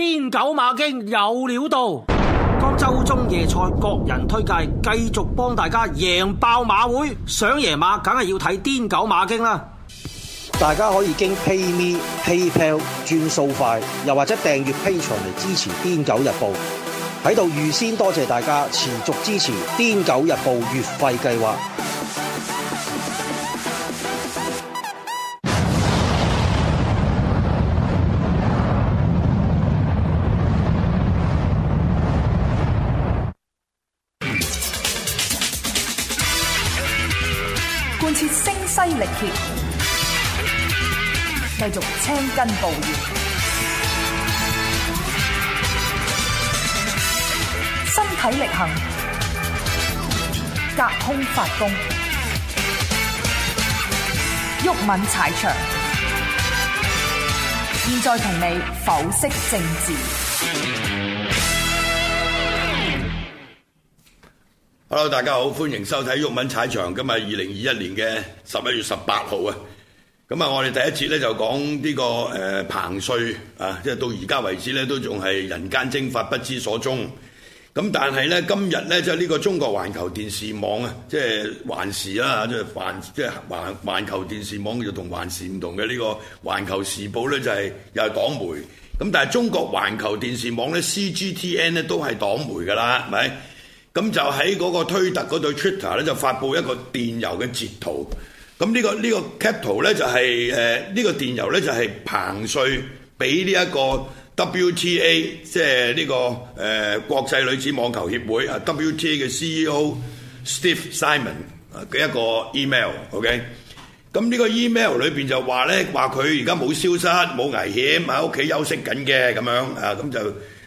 癲狗馬經有料到，廣州中夜賽各人推介，繼續幫大家贏爆馬會。想贏馬梗係要睇癲狗馬經啦。大家可以經 pay me PayPal 轉數快，又或者訂閱 Patreon 嚟支持癲狗日報。喺度預先多謝大家持續支持癲狗日報月費計劃。力竭，繼續青筋暴現，身體力行，隔空發功，毓民踩場。現在同你剖析政治。Hello，大家好，歡迎收睇毓民踩場。今日二零二一年嘅十一月十八號啊，咁啊，我哋第一節咧就講呢、這個誒、呃、彭帥啊，即、就、係、是、到而家為止咧都仲係人間蒸發，不知所蹤。咁但係咧今日咧即係呢、就是、個中國環球電視網啊，即係環視啦，即係環即係環環球電視網就同環視唔同嘅呢個環球時報咧就係又係黨媒。咁但係中國環球電視網咧 CGTN 咧都係黨媒噶啦，係咪？咁就喺嗰個推特嗰度 Twitter 咧就發布一個電郵嘅截圖，咁呢個呢個 cap 圖咧就係誒呢個電郵咧就係彭帥俾呢一個 WTA 即係呢個誒國際女子網球協會啊 WTA 嘅 CEO Steve Simon 啊嘅一個 email，OK，咁呢個 email 裏邊就話咧話佢而家冇消失冇危險喺屋企休息緊嘅咁樣啊咁就。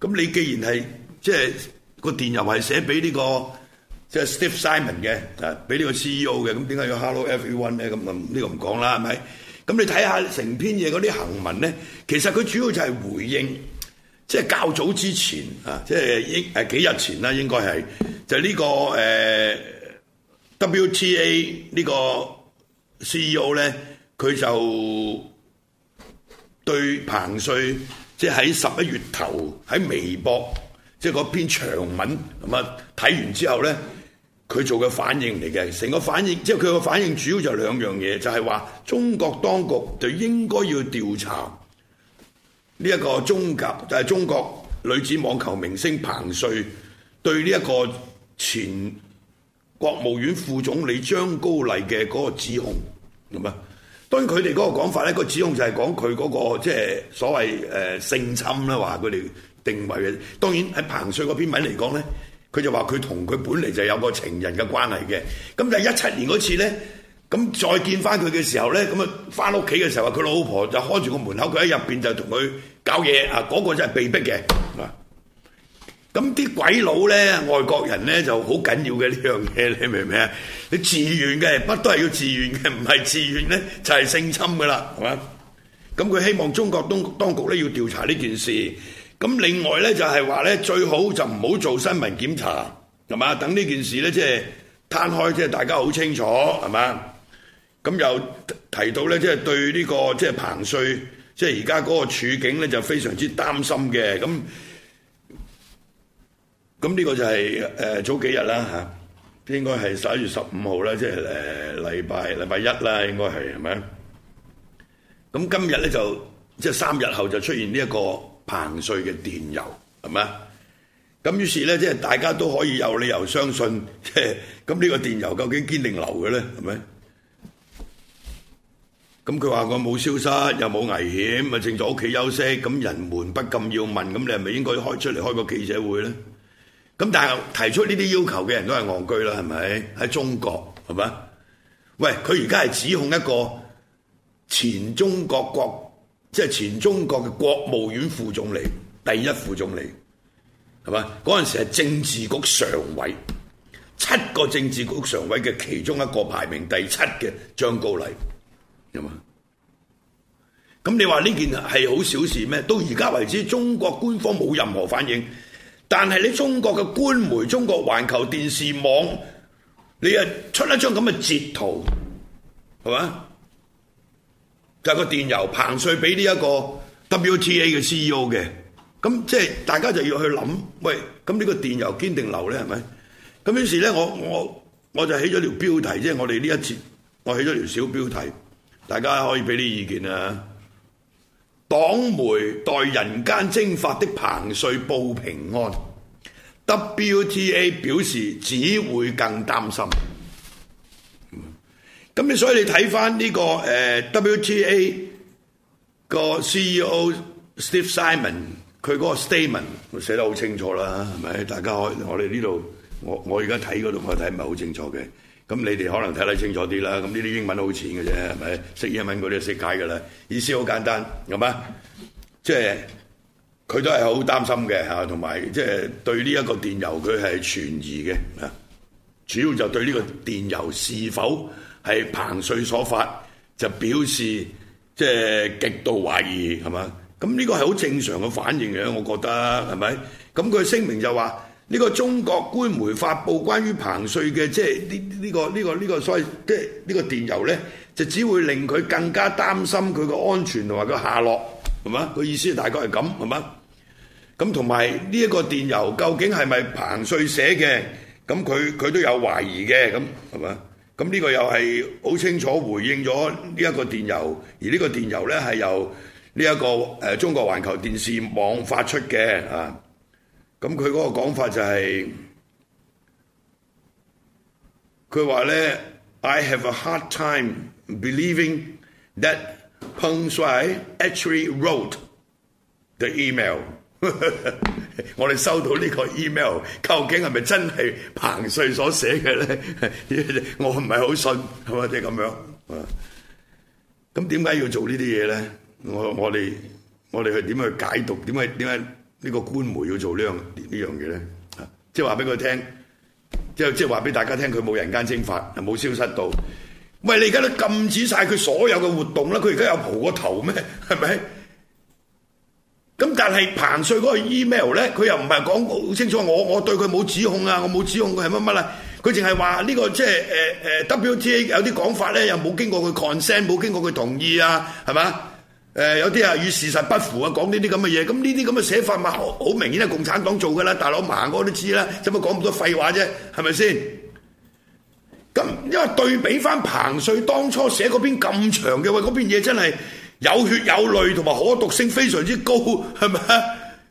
咁你既然係即係個電郵係寫俾呢個即係 Steve Simon 嘅啊，俾呢個 CEO 嘅，咁點解要 Hello Everyone 咧？咁咁呢個唔講啦，係咪？咁你睇下成篇嘢嗰啲行文咧，其實佢主要就係回應，即係較早之前啊，即係應誒幾日前啦，應該係就呢個誒 WTA 呢個 CEO 咧，佢就對彭帥，即係喺十一月頭喺微博，即係嗰篇長文咁啊，睇完之後咧，佢做嘅反應嚟嘅，成個反應，即係佢嘅反應主要就兩樣嘢，就係、是、話中國當局就應該要調查呢一個中國就係、是、中國女子網球明星彭帥對呢一個前國務院副總理張高麗嘅嗰個指控咁啊。是根據佢哋嗰個講法呢，佢始終就係講佢嗰個即係所謂誒、呃、性侵啦，話佢哋定位嘅。當然喺彭帥嗰篇文嚟講呢，佢就話佢同佢本嚟就有個情人嘅關係嘅。咁就一七年嗰次呢，咁再見翻佢嘅時候呢，咁啊翻屋企嘅時候，佢老婆就開住個門口，佢喺入邊就同佢搞嘢啊！嗰、那個真係被逼嘅。嗯咁啲鬼佬呢，外國人呢就好緊要嘅呢樣嘢，你明唔明啊？你自願嘅，乜都係要自願嘅？唔係自願呢，就係性侵㗎喇，係嘛？咁佢希望中國當當局呢要調查呢件事。咁另外呢就係話呢，最好就唔好做新聞檢查，係嘛？等呢件事呢即係攤開，即係大家好清楚，係嘛？咁又提到呢，即係對呢個即係彭帥，即係而家嗰個處境呢就非常之擔心嘅咁。咁呢個就係誒早幾日啦嚇，應該係十一月十五號啦，即係誒禮拜禮拜一啦，應該係係咪？咁今日咧就即係三日後就出現呢一個彭帥嘅電郵係咪？咁於是咧即係大家都可以有理由相信，即係咁呢個電郵究竟堅定流嘅咧係咪？咁佢話我冇消失又冇危險，咪正在屋企休息。咁人們不禁要問：咁你係咪應該開出嚟開個記者會咧？咁但係提出呢啲要求嘅人都係戇居啦，係咪？喺中國，係咪？喂，佢而家係指控一個前中國國，即係前中國嘅國務院副總理、第一副總理，係咪？嗰陣時係政治局常委，七個政治局常委嘅其中一個排名第七嘅張高麗，有冇啊？咁你話呢件係好小事咩？到而家為止，中國官方冇任何反應。但係你中國嘅官媒，中國環球電視網，你啊出一張咁嘅截圖，係嘛？就係個電郵彭帥俾呢一個 WTA 嘅 CEO 嘅，咁即係大家就要去諗，喂，咁呢個電郵堅定流咧，係咪？咁於是咧，我我我就起咗條標題，即係我哋呢一節，我起咗條小標題，大家可以俾啲意見啊。黨媒代人間蒸發的彭帥報平安，WTA 表示只會更擔心。咁、嗯、你所以你睇翻呢個誒、呃、WTA 個 CEO Steve Simon 佢嗰個 statement 寫得好清楚啦，係咪？大家我我哋呢度我我而家睇嗰度我睇唔係好清楚嘅。咁你哋可能睇得清楚啲啦，咁呢啲英文都好淺嘅啫，係咪？識英文嗰啲就識解嘅啦，意思好簡單，係嘛？即係佢都係好擔心嘅嚇，同埋即係對呢一個電郵佢係存疑嘅嚇，主要就對呢個電郵是否係彭帥所發，就表示即係極度懷疑係嘛？咁呢個係好正常嘅反應嘅，我覺得係咪？咁佢聲明就話。呢個中國官媒發布關於彭帥嘅即係呢呢個呢個呢個所謂即係呢個電郵呢，就只會令佢更加擔心佢個安全同埋佢下落，係嘛？個意思大概係咁，係嘛？咁同埋呢一個電郵究竟係咪彭帥寫嘅？咁佢佢都有懷疑嘅，咁係嘛？咁呢個又係好清楚回應咗呢一個電郵，而呢個電郵呢，係由呢一個誒中國環球電視網發出嘅啊。咁佢嗰個講法就係，佢話咧：I have a hard time believing that 彭帥 actually wrote the email。我哋收到呢個 email，究竟係咪真係彭帥所寫嘅咧？我唔係好信，係咪即係咁樣。咁點解要做呢啲嘢咧？我我哋我哋去點去解讀？點解點解？呢個官媒要做呢樣呢樣嘢咧，啊，即係話俾佢聽，即係即係話俾大家聽，佢冇人間蒸發，又冇消失到。喂，你而家都禁止晒佢所有嘅活動啦，佢而家有蒲個頭咩？係咪？咁但係彭帥嗰個 email 咧，佢又唔係講好清楚，我我對佢冇指控啊，我冇指控佢係乜乜啦，佢淨係話呢個即係誒誒、呃呃、WTA 有啲講法咧，又冇經過佢 consent 冇經過佢同意啊，係嘛？誒、呃、有啲啊與事實不符啊，講呢啲咁嘅嘢，咁呢啲咁嘅寫法咪、啊、好明顯係共產黨做㗎啦，大佬盲我都知啦，使乜講咁多廢話啫、啊？係咪先？咁因為對比翻彭帥當初寫嗰篇咁長嘅，喂嗰篇嘢真係有血有淚同埋可讀性非常之高，係咪啊？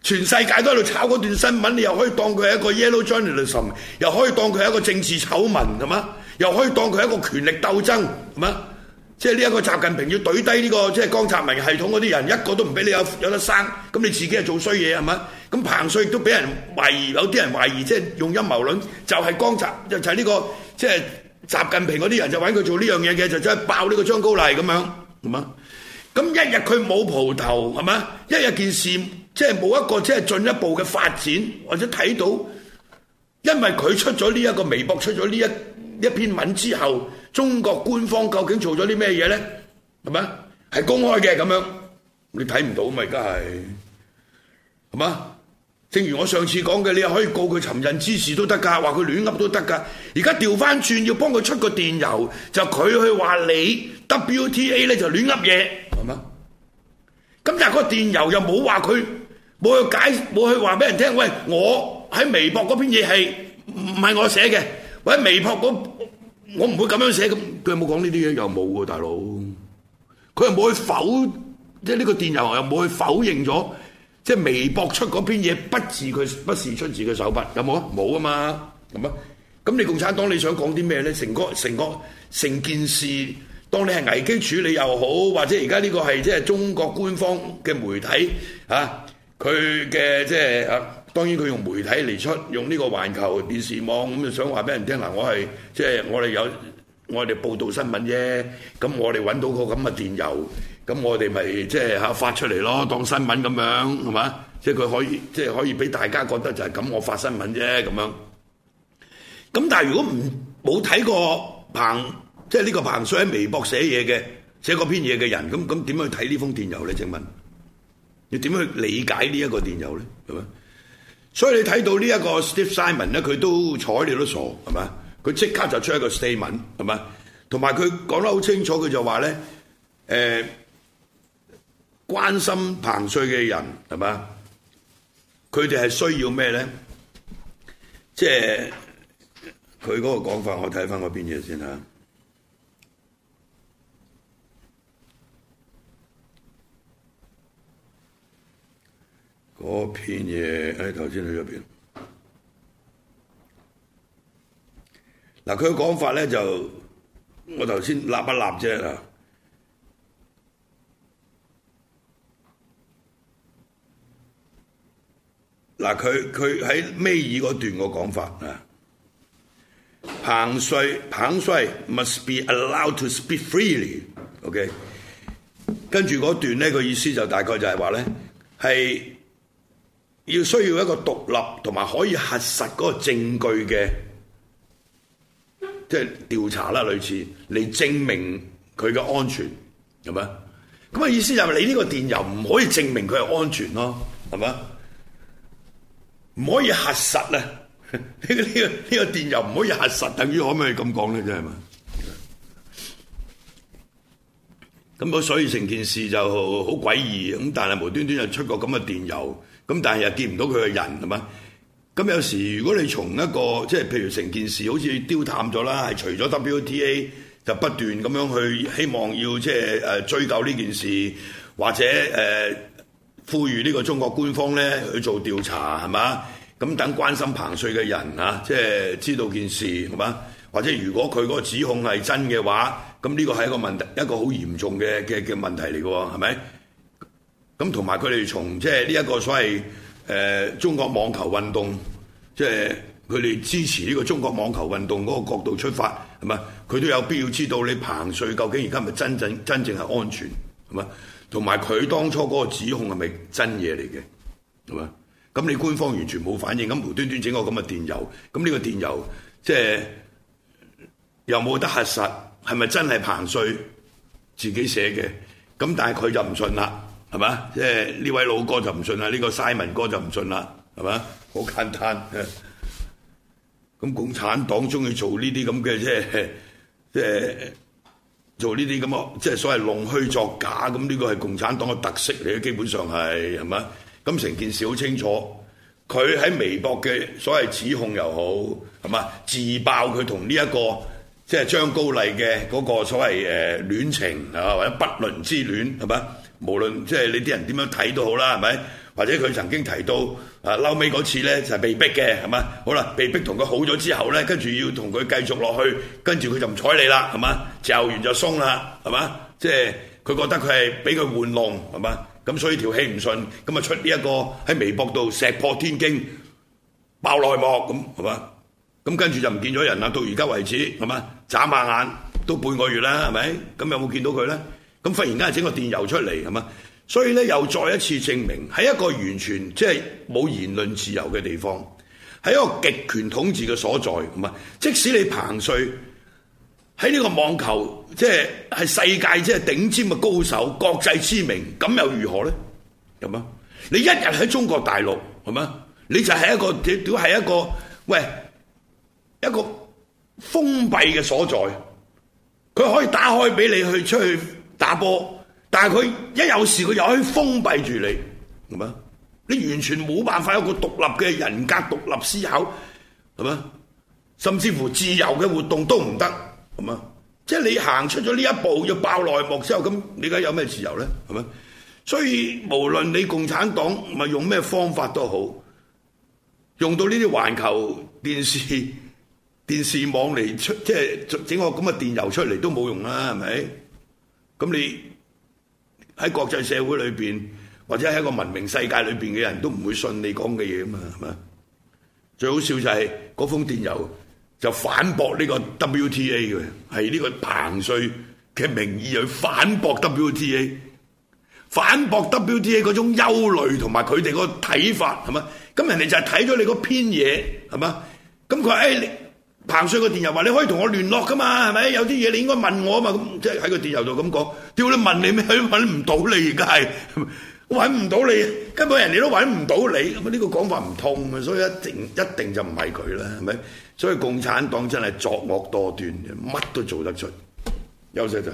全世界都喺度炒嗰段新聞，你又可以當佢係一個 Yellow journalism，又可以當佢係一個政治醜聞，係嘛？又可以當佢係一個權力鬥爭，係嘛？即係呢一個習近平要懟低呢個，即係江澤民系統嗰啲人，一個都唔俾你有有得生，咁你自己係做衰嘢係咪？咁彭帥亦都俾人懷疑，有啲人懷疑即係用陰謀論，就係江澤就係呢個即係習近平嗰啲人就揾佢做呢樣嘢嘅，就再爆呢個張高麗咁樣，係嘛？咁一日佢冇蒲頭係嘛？一日件事即係冇一個即係進一步嘅發展或者睇到，因為佢出咗呢一個微博出咗呢一一篇文之後。中國官方究竟做咗啲咩嘢呢？我唔會咁樣寫咁，佢有冇講呢啲嘢？又冇喎，啊，大佬，佢又冇去否即係呢個電郵，又冇去否認咗，即係微博出嗰篇嘢，不是佢，不是出自佢手筆，有冇啊？冇啊嘛，咁啊，咁你共產黨你想講啲咩咧？成個成個成件事，當你係危機處理又好，或者而家呢個係即係中國官方嘅媒體啊，佢嘅即係。啊當然佢用媒體嚟出用呢個環球電視網咁，就想話俾人聽嗱，我係即係我哋有我哋報道新聞啫。咁我哋揾到個咁嘅電郵，咁我哋咪即係嚇發出嚟咯，當新聞咁樣係嘛？即係佢可以即係可以俾大家覺得就係咁，我發新聞啫咁樣。咁但係如果唔冇睇過彭即係呢個彭帥喺微博寫嘢嘅寫嗰篇嘢嘅人，咁咁點去睇呢封電郵咧？請問，你點去理解呢一個電郵咧？係咪？所以你睇到呢一個 Steve Simon，佢都睬你都傻，係嘛？佢即刻就出一個 statement，係嘛？同埋佢講得好清楚，佢就話咧，呃，關心彭帥嘅人係嘛？佢哋係需要咩咧？即係佢嗰個講法，我睇翻嗰邊嘢先。片嘢喺頭先喺入邊，嗱佢嘅講法咧就，我頭先立一立啫啊！嗱，佢佢喺尾二嗰段個講法啊，彭帥彭帥 must be allowed to speak freely，OK，okay? 跟住嗰段呢個意思就大概就係話咧係。要需要一個獨立同埋可以核實嗰個證據嘅，即係調查啦，類似嚟證明佢嘅安全，係咪？咁嘅意思就係你呢個電郵唔可以證明佢係安全咯，係嘛？唔可以核實啊！呢、 呢個呢個呢個電郵唔可以核實，等於可唔可以咁講咧？真係嘛？咁啊，所以成件事就好詭異咁，但係無端端又出個咁嘅電郵。咁但係又見唔到佢嘅人係嘛？咁有時如果你從一個即係譬如成件事好似丟淡咗啦，係除咗 WTA 就不斷咁樣去希望要即係誒追究呢件事，或者誒、呃、呼籲呢個中國官方咧去做調查係嘛？咁等關心彭帥嘅人啊，即係知道件事係嘛？或者如果佢嗰個指控係真嘅話，咁呢個係一個問題，一個好嚴重嘅嘅嘅問題嚟嘅喎，係咪？咁同埋佢哋從即係呢一個所謂誒中國網球運動，即係佢哋支持呢個中國網球運動嗰個角度出發，係嘛？佢都有必要知道你彭帥究竟而家係咪真正真正係安全，係嘛？同埋佢當初嗰個指控係咪真嘢嚟嘅？係嘛？咁你官方完全冇反應，咁無端端整個咁嘅電郵，咁呢個電郵即係、就是、又冇得核實，係咪真係彭帥自己寫嘅？咁但係佢就唔信啦。係嘛？即係呢位老哥就唔信啦，呢、這個 Simon 哥就唔信啦。係嘛？好簡單咁 共產黨中意做呢啲咁嘅即係即係做呢啲咁嘅即係所謂弄虛作假，咁呢個係共產黨嘅特色嚟嘅，基本上係係嘛？咁成件事好清楚，佢喺微博嘅所謂指控又好，係嘛？自爆佢同呢一個即係張高麗嘅嗰個所謂誒戀情啊，或者不倫之戀係嘛？無論即係你啲人點樣睇都好啦，係咪？或者佢曾經提到啊，嬲尾嗰次呢，就係被逼嘅，係咪？好啦，被逼同佢好咗之後呢，跟住要同佢繼續落去，跟住佢就唔睬你啦，係嘛？嚼完就鬆啦，係嘛？即係佢覺得佢係俾佢玩弄，係嘛？咁所以條氣唔順，咁啊出呢一個喺微博度石破天驚，爆內幕咁，係嘛？咁跟住就唔見咗人啦，到而家為止，係嘛？眨下眼都半個月啦，係咪？咁有冇見到佢呢？咁忽然間整個電郵出嚟係嘛？所以咧，又再一次證明喺一個完全即係冇言論自由嘅地方，喺一個極權統治嘅所在，係嘛，即使你彭帥喺呢個網球即係係世界即係頂尖嘅高手，國際知名，咁又如何咧？咁啊，你一日喺中國大陸係嘛，你就係一個屌屌係一個喂一個封閉嘅所在，佢可以打開俾你去出去。打波，但係佢一有事，佢又可以封閉住你，係咪？你完全冇辦法有一個獨立嘅人格、獨立思考，係咪？甚至乎自由嘅活動都唔得，係咪？即係你行出咗呢一步，要爆內幕之後，咁你而家有咩自由咧？係咪？所以無論你共產黨咪用咩方法都好，用到呢啲環球電視電視網嚟出，即係整個咁嘅電郵出嚟都冇用啦，係咪？咁你喺國際社會裏邊，或者喺一個文明世界裏邊嘅人都唔會信你講嘅嘢啊嘛，係嘛？最好笑就係嗰封電郵就反駁呢個 WTA 嘅，係呢個彭帥嘅名義去反駁 WTA，反駁 WTA 嗰種憂慮同埋佢哋個睇法，係嘛？咁人哋就係睇咗你嗰篇嘢，係嘛？咁佢誒。彭帥個電郵話：你可以同我聯絡㗎嘛，係咪？有啲嘢你應該問我啊嘛，咁即係喺個電郵度咁講。屌你問你咩都揾唔到你，而家係揾唔到你，根本人哋都揾唔到你。咁啊呢個講法唔通啊，所以一定一定就唔係佢啦，係咪？所以共產黨真係作惡多端，乜都做得出。休息陣。